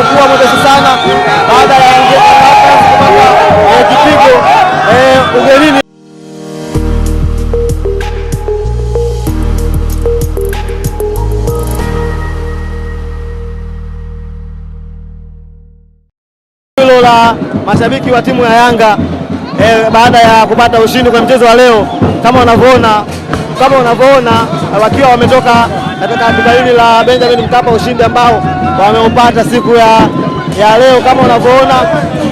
kuwa mwepesi sana baada ya kupata eh, kipigo eh, ugenini. Hilo la mashabiki wa timu ya Yanga e, baada ya kupata ushindi kwenye mchezo wa leo kama unavyoona, kama unavyoona wakiwa wametoka katika andika hili la Benjamin Mkapa, ushindi ambao wameupata siku ya, ya leo. Kama unavyoona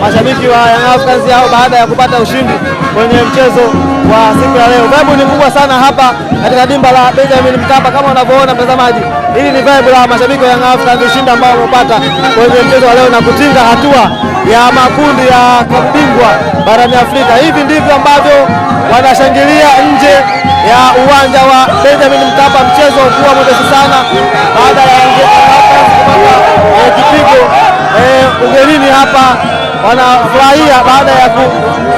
mashabiki wa Young Africans hao baada ya kupata ushindi kwenye mchezo wa siku ya leo, vibe ni kubwa sana hapa katika dimba la Benjamin Mkapa. Kama unavyoona mtazamaji, hili ni vibe la mashabiki wa Young Africans, ushindi ambao wameupata kwenye mchezo wa leo na kutinga hatua ya makundi ya kabingwa bingwa barani Afrika. Hivi ndivyo ambavyo wanashangilia nje ya uwanja wa Benjamin Mkapa mwepesi sana baada ya kupata eh, kipigo eh, ugenini hapa, wanafurahia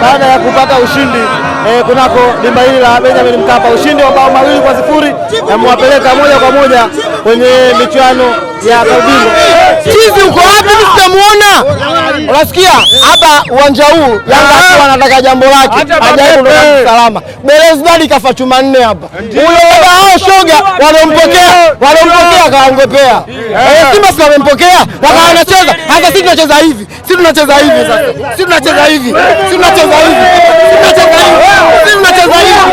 baada ya kupata ushindi E, kunako dimba hili la Benjamin Mkapa, ushindi wa bao mawili kwa sifuri amewapeleka moja kwa moja kwenye michuano ya kabingo. Chizi uko wapi? Sijamuona. Unasikia hapa uwanja huu Yanga anataka jambo lake, ajaye salama. Belezi bali kafa chuma nne hapa, huyo baba osho wamempokea, wamempokea akaongopea. Eh, Simba si wamempokea, wakawa wanacheza hata sisi tunacheza hivi, sisi tunacheza hivi sasa, sisi tunacheza hivi, sisi tunacheza hivi, sisi tunacheza hivi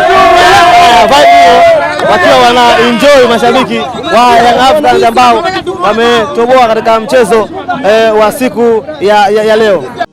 eh, wakiwa wana enjoy mashabiki wa Young Africans ambao wametoboa katika mchezo eh, wa siku ya, ya, ya leo.